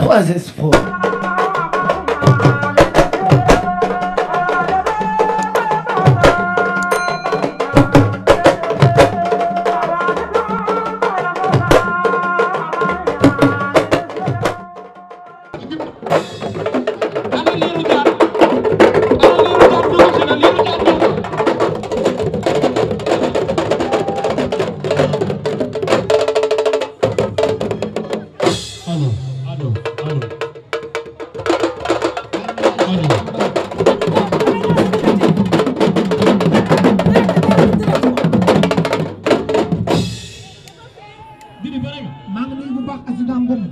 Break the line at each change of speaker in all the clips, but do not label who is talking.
What was this for? maa ngi nuyu bu baax accident Ngom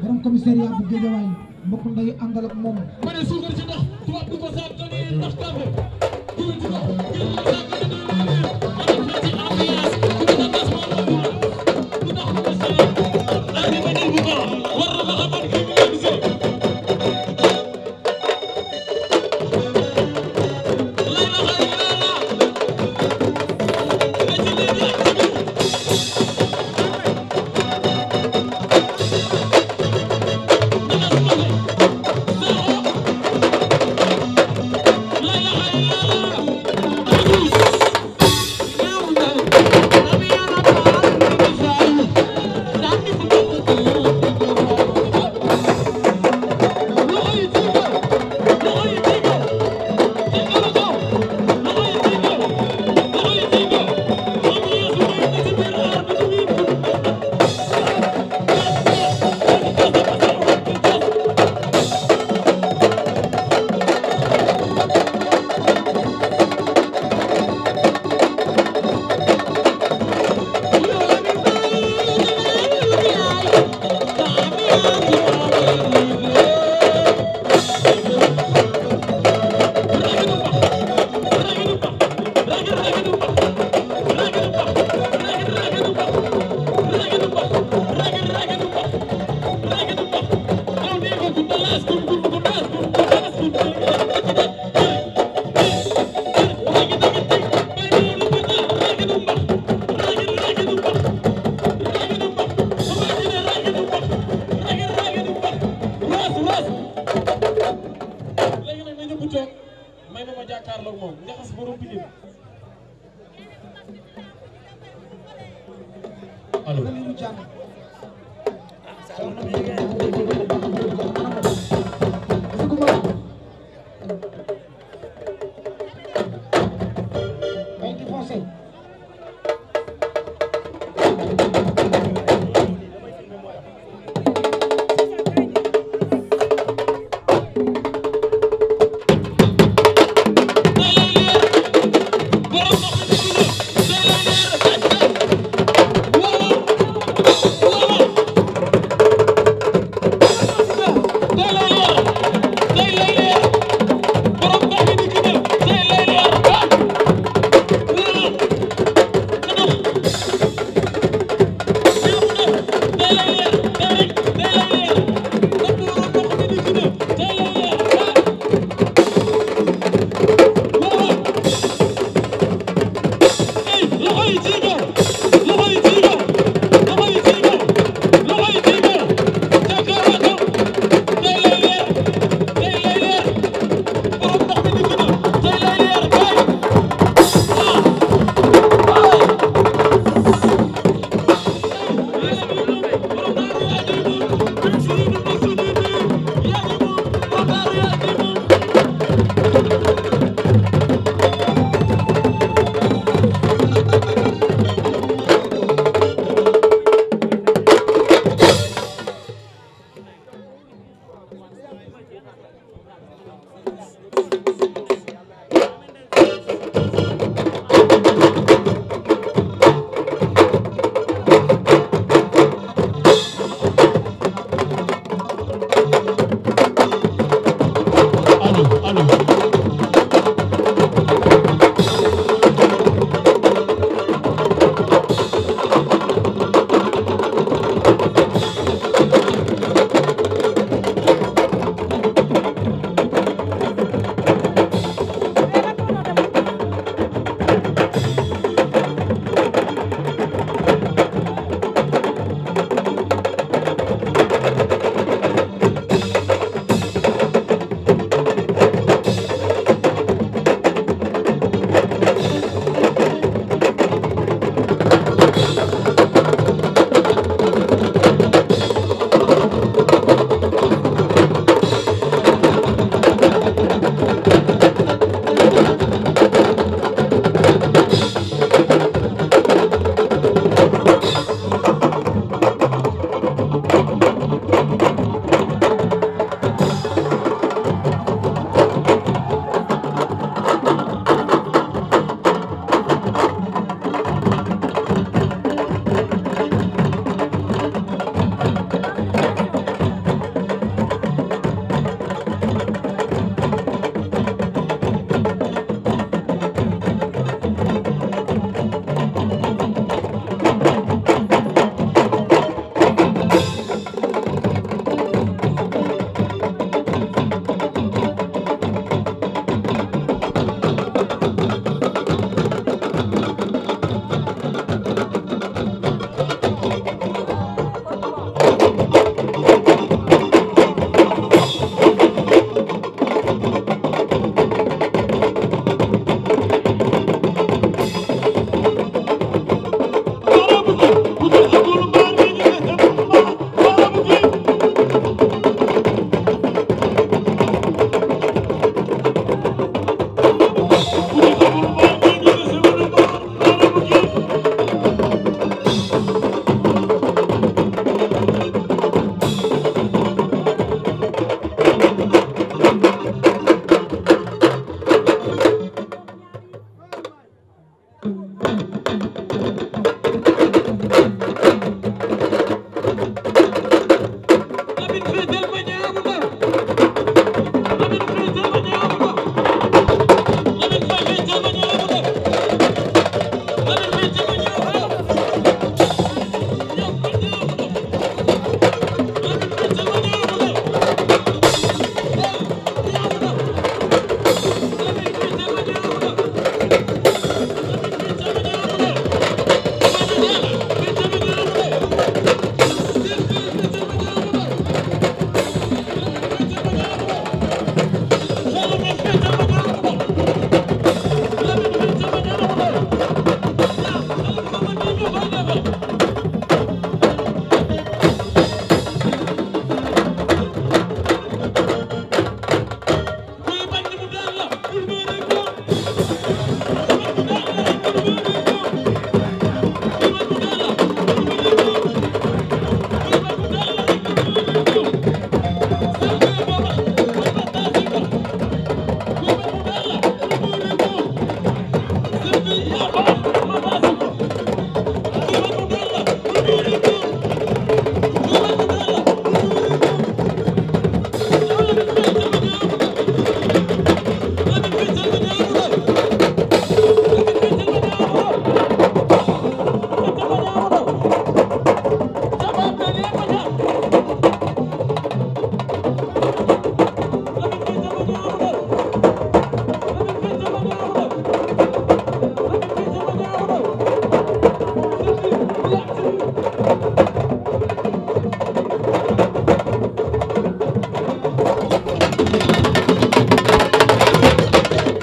borom commissariat bu Guédiawaye mbokk nday àndal ak moom.
ma ne a ci ndox tubaab du ko saab ndax tànn dugal ci ndox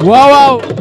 waaw waaw